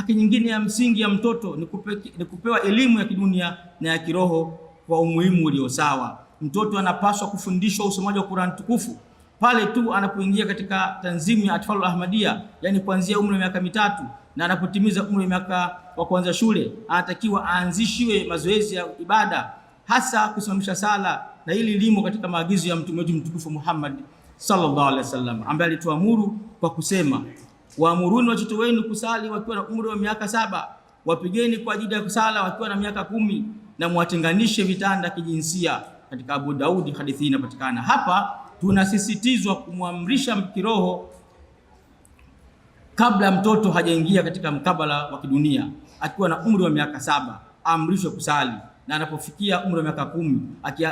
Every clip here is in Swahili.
Haki nyingine ya msingi ya mtoto ni, kupe, ni kupewa elimu ya kidunia na ya kiroho kwa umuhimu ulio sawa. Mtoto anapaswa kufundishwa usomaji wa Qur'an tukufu pale tu anapoingia katika tanzimu ya Atfalul Ahmadiyya, yani kuanzia umri wa miaka mitatu na anapotimiza umri wa miaka wa kuanza shule, anatakiwa aanzishiwe mazoezi ya ibada, hasa kusimamisha sala, na hili limo katika maagizo ya mtume wetu mtukufu Muhammad sallallahu alaihi wasallam ambaye alituamuru kwa kusema Waamuruni watoto wenu kusali wakiwa na umri wa miaka saba, wapigeni kwa ajili ya kusala wakiwa na miaka kumi, na mwatenganishe vitanda kijinsia. Katika Abu Daudi hadithi hii inapatikana. Hapa tunasisitizwa kumwamrisha kiroho kabla mtoto hajaingia katika mkabala wa kidunia, akiwa na umri wa miaka saba aamrishwe kusali, na anapofikia umri wa miaka kumi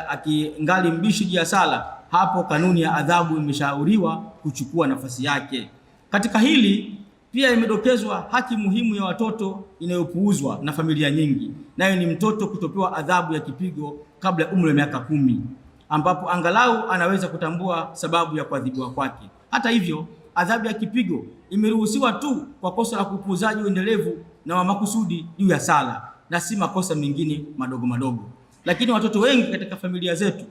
akingali mbishi juu ya sala, hapo kanuni ya adhabu imeshauriwa kuchukua nafasi yake. Katika hili pia imedokezwa haki muhimu ya watoto inayopuuzwa na familia nyingi, nayo ni mtoto kutopewa adhabu ya kipigo kabla ya umri wa miaka kumi, ambapo angalau anaweza kutambua sababu ya kuadhibiwa kwake. Hata hivyo, adhabu ya kipigo imeruhusiwa tu kwa kosa la kupuuzaji uendelevu na wa makusudi juu ya sala na si makosa mengine madogo madogo. Lakini watoto wengi katika familia zetu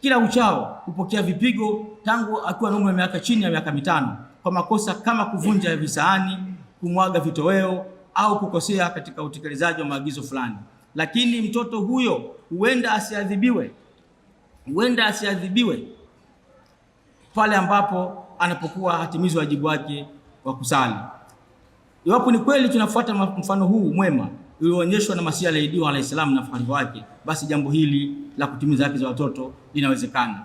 kila uchao hupokea vipigo tangu akiwa na umri wa miaka chini ya miaka mitano kwa makosa kama kuvunja visahani, kumwaga vitoweo au kukosea katika utekelezaji wa maagizo fulani, lakini mtoto huyo huenda asiadhibiwe, huenda asiadhibiwe pale ambapo anapokuwa hatimizi wajibu wake wa kusali. Iwapo ni kweli tunafuata mfano huu mwema ulioonyeshwa na Masihi Maud alayhi salam na wafarifu wake, basi jambo hili la kutimiza haki za watoto linawezekana.